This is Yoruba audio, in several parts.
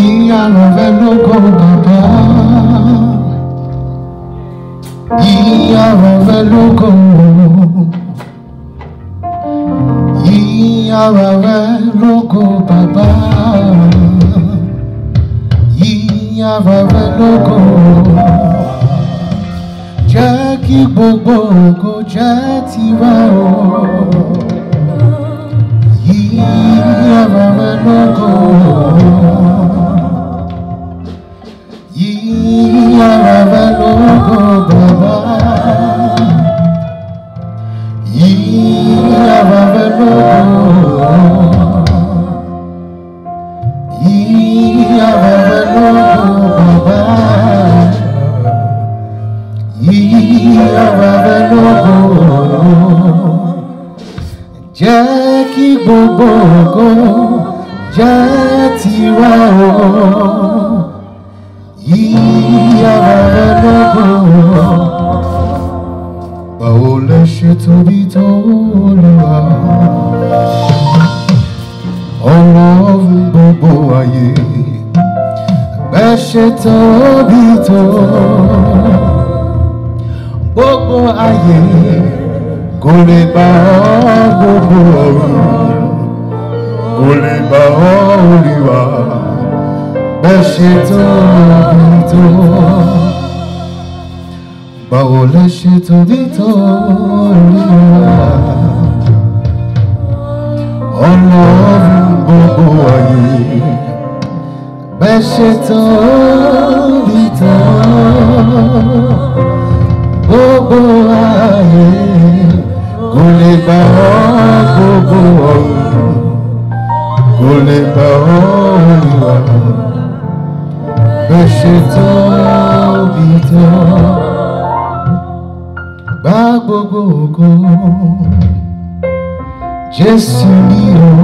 ìyá rẹ̀ lóko bàbá. Ìyá rẹ̀ lóko. Ìyá rẹ̀ lóko bàbá. Ìyá rẹ̀ lóko. Jẹ́ kí gbogbo ògo jẹ́ tìrẹ o. jẹ́ kí gbogbo ògo jẹ́ tiwa o yíyá rẹ̀ lọ́gbọ̀n báwo lẹ ṣe tóbi. ṣe tóbi tó gbogbo ayé kò lè bá ọ gbogbo ọ̀run kò lè bá ọ orí tó báwo lẹ ṣe tó ọlọ́run gbogbo. bẹ́ẹ̀ ṣe bobo bí tán gbogbo ayé kò lè gbà ọ́ gbogbo ọ̀hún kò lè gbà ọ́ olùwà bẹ́ẹ̀ ṣe tán ni o.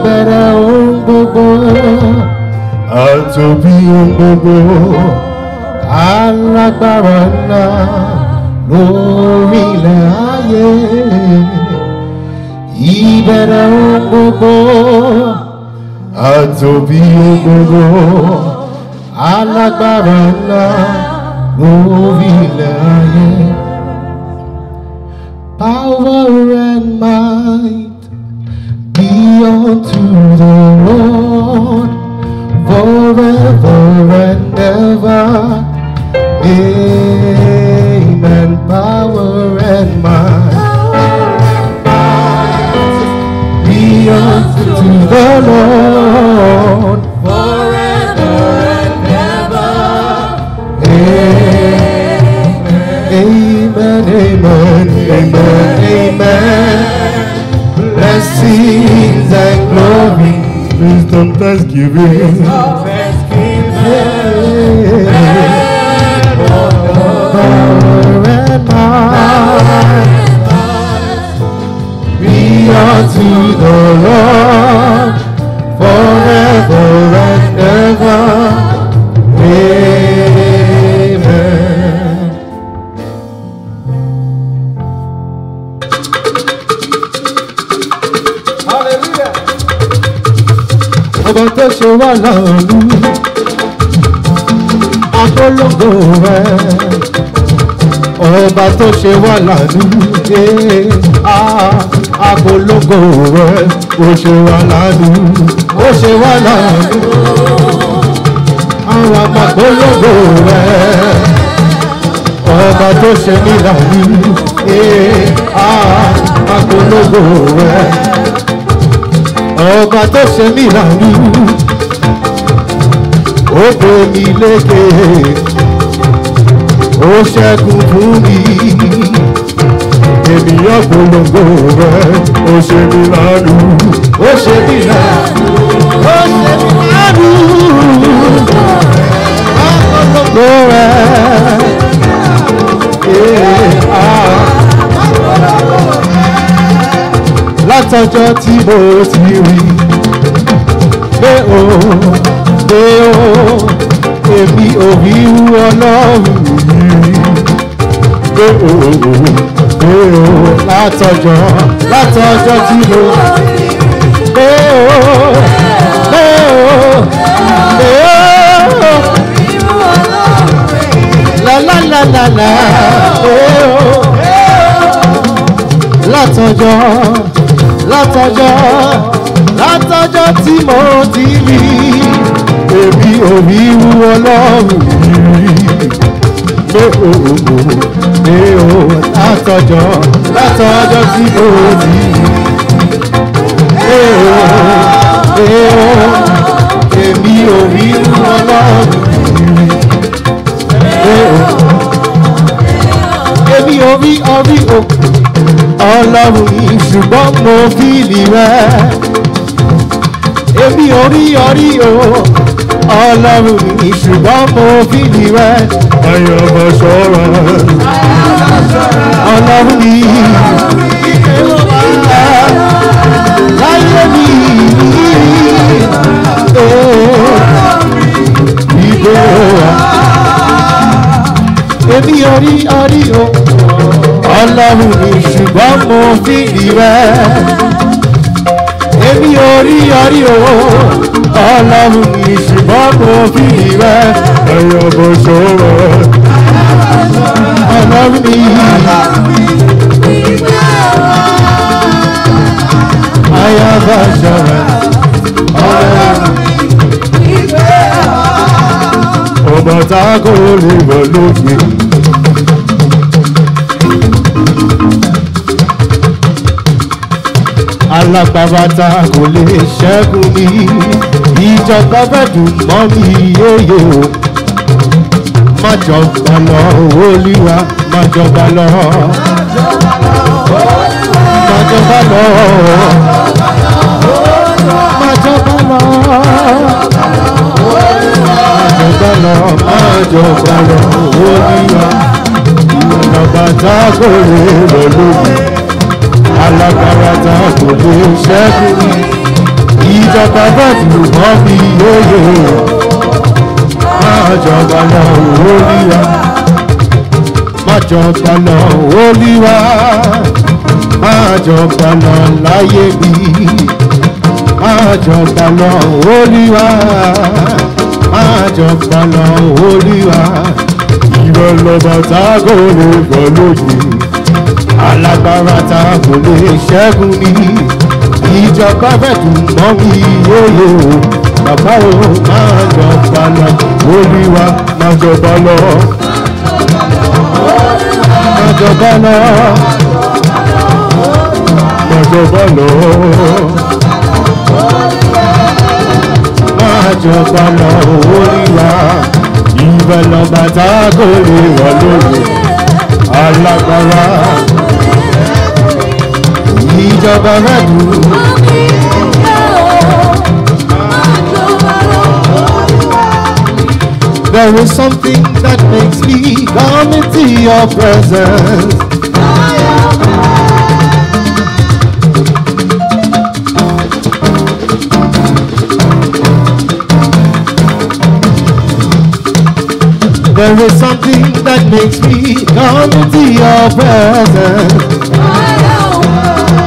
ọbara ogbogbo àtòbí ogbogbo alágbára ńlá lórí ilẹ̀ ayé ìbẹ̀rẹ̀ ogbogbo àtòbí ogbogbo alágbára ńlá lórí ayé power and might the Lord forever and ever. Amen. Power and might be the Lord. of thanksgiving. of thanksgiving. Thou and mine. Be unto the Lord. wà lọ́rùn akólógo rẹ ọba tó ṣe wà lánú yé akólógo rẹ ó ṣe wà lánú ó ṣe wà lánú àwọn àpàkólógo rẹ ọba tó ṣe nílànú yé akólógo rẹ ọba tó ṣe nílànú ó gbé mi lékè ó ṣẹ́gun fún mi ènìyàn polongo rẹ ó ṣe mí lánú ó ṣe mí lánú ó ṣe mí lánú polongo rẹ látọjọ́ tí mo ti rí pé o pé o èmi ò rí irú ọlọ́run yìí pé òwò pé òwò látọjọ́ látọjọ́ tí mo pé òwò la la la la la, pé òwò látọjọ́ látọjọ́ látọjọ́ tí mo ti ní irú ọlọ́run yìí pé òògùn pé o látọjọ́ látọjọ́ tí o ti pé o pé o èmi ò rí irú ọlọ́run yìí pé o èmi ò rí ọrí o ọlọ́run yìí ṣùgbọ́n mo fi lè rẹ́ èmi ò rí ọrí o ọlọ́run ní ṣùgbọ́n mo fìdí rẹ. ayọ̀ bá ṣọ́ra. ọlọ́run ní láyé mi ìgò èmi ò rí ọrí o ọlọ́run ní ṣùgbọ́n mo fìdí rẹ èmi ò rí ọrí o ọlọ́run mi ṣùgbọ́n mo fi ìwẹ́ ẹ̀yọ̀ bó ṣòro ọlọ́run mi. Ayaba ṣọra ọlọ́run mi. Ọmọ tá a kò lè wọ lópin. alápá bàtà kò lè ṣẹ́gun mi ìjọba bẹ̀dùn mọ́ mi yéye o má jọba lọ olúwa má jọba lọ má jọba lọ má jọba lọ má jọba lọ má jọba lọ olúwa ìjọba tá kò lè rẹ̀ lómi alágbára tá a kò lè ṣẹ́gun ìjọba bá ti wọ́n fi yóyè máa jọba lọ Olúwa máa jọba lọ Olúwa máa jọba lọ láyé bí máa jọba lọ Olúwa máa jọba lọ Olúwa ìrọ̀lọ́bàtà kò lè gbọ́ lójú alágbára tá kò lè ṣẹ́gun ni ìjọba bẹ̀tù mọ́ mi yóyó bàbá o máa jọba lọ olúwa máa jọba lọ máa jọba lọ máa jọba lọ máa jọba lọ olúwa ìbẹ̀lọ̀ bàtà kò lè wà lóye alágbára ìjọba má There is something that makes me come into your presence. There is something that makes me come into your presence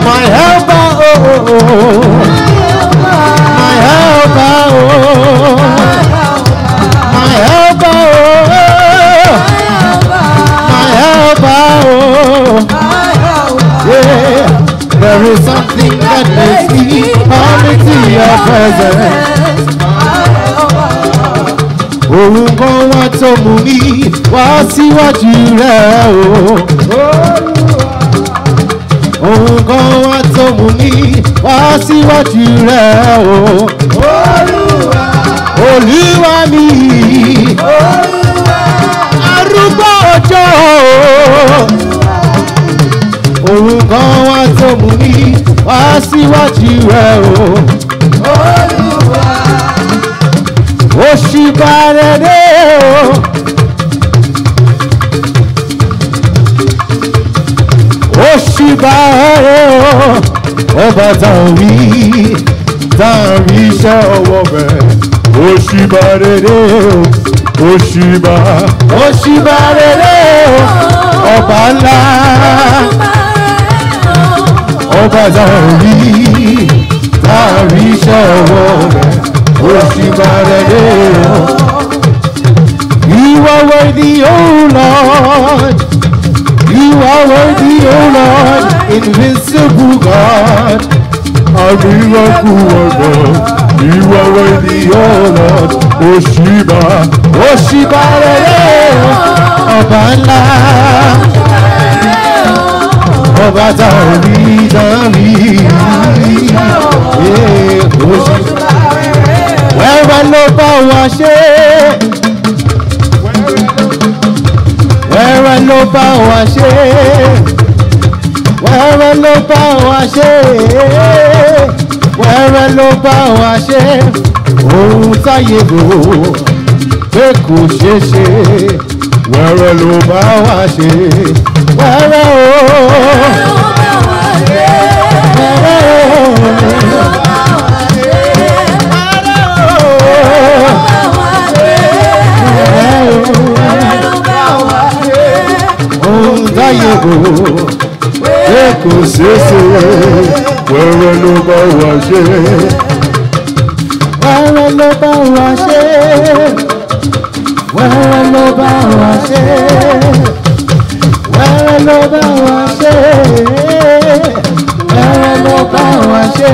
my helper, oh, oh, oh. my helper, oh, my helper, oh, my helper, oh, My oh. yeah. There is something that makes me only to your presence. Òun kan wá tó mú mi wá síwájú rẹ̀ o. Oh, oh òun kan wá tó mú mi wá síwájú rẹ̀ o. olúwa olúwa mi olúwa arúgbó ọjọ́ o òun kan wá tó mú mi wá síwájú rẹ̀ o. olúwa oṣù bàrẹ̀ dé o. oṣù bàrẹ̀ ọba tàwí tàwí iṣẹ́ ọwọ́ rẹ̀ òṣìbà rere o òṣìbà òṣìbà rere o ọba ńlá ọba tàwí tàwí iṣẹ́ ọwọ́ rẹ̀ òṣìbà rere o. You are worthy, O oh Lord. You are worthy, O oh Lord invincible God, our miracle worker. You are worthy, O Lord. Oshiba, Oshiba, Ọba ńlá, Ọba tá a rí dárí. Wẹ́rẹ́ ló bá wa ṣe. Wẹ́rẹ́ ló bá wa ṣe wẹ́rẹ́ ló bá wa ṣe wẹ́rẹ́ ló bá wa ṣe ohun táyé bò pé kò ṣeé ṣe wẹ́rẹ́ ló bá wa ṣe wẹ́rẹ́ o wẹ́rẹ́ kò ṣeéṣe wẹ́rẹ́ ló bá wà ṣe. wẹ́rẹ́ ló bá wà ṣe wẹ́rẹ́ ló bá wà ṣe wẹ́rẹ́ ló bá wà ṣe wẹ́rẹ́ ló bá wà ṣe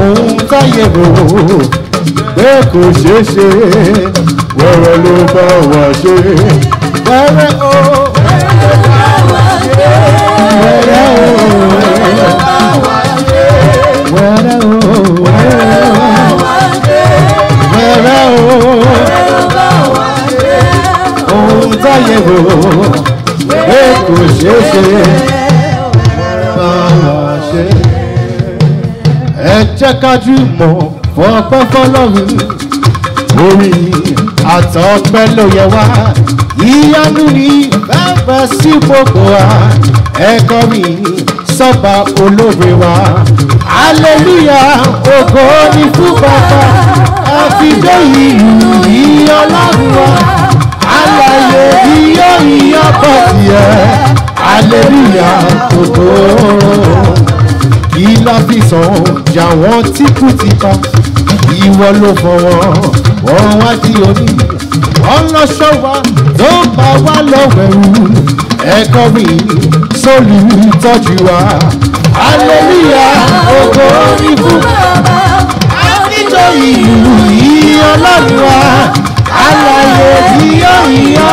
òun táyé bò pé kò ṣeéṣe wẹ́rẹ́ ló bá wà ṣe wẹ́rẹ́ o ayé wo pé kò ṣeé ṣe máa ṣe. ẹ jẹ́ kájú mọ̀ fọpẹ́ fọlọ́run orí àtọ́pẹ́ ló yẹ wá ìyanu ni bẹ́ẹ̀ bẹ́ẹ̀ sí gbogbo wa ẹ̀kọ́ mi sọ́ba olóore wa. hallelujah ògo ni fún bàbá àfidé ìyìn ọlọ́run wa. alàyè iyọ̀ iyọ̀ bọ̀ tiẹ̀ hallelujah ògo. ìlà fi sàn wọ́n tí kú ti pa ìwọ ló fọwọ́ wọ́n wá di omi ọlọ́ṣọ́ wa ló bá wa lọ́wọ́ ẹ̀rù ẹ̀kọ́ mi sólù tọ́jú wa. aleluya ògo ni fún bàbá àtijọ́ ìlú yìí ọlọ́run wa àlàyé tí yóò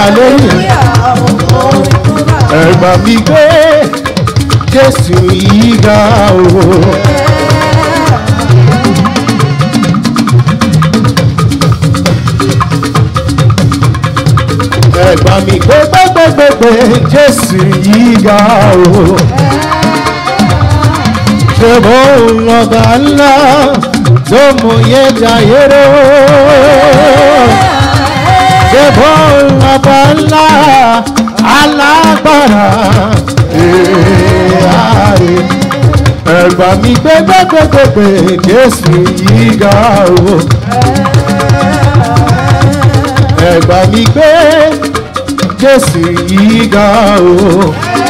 aleluya ògo ni fún jésù yìí ga o. Yeah. ẹ̀gbọ́n mi gbẹgbẹgbẹgbẹ Jésù yìí ga o. ṣé mo ń lọ́ba ńlá tó mú yé jayé ró? ṣé mo ń lọ́ba ńlá alágbára èèyàn ẹ̀gbọ́n mi gbẹgbẹgbẹgbẹ Jésù yìí ga o. ẹ̀gbọ́n mi gbẹgbẹgbẹgbẹ. Jésù yìí ga o.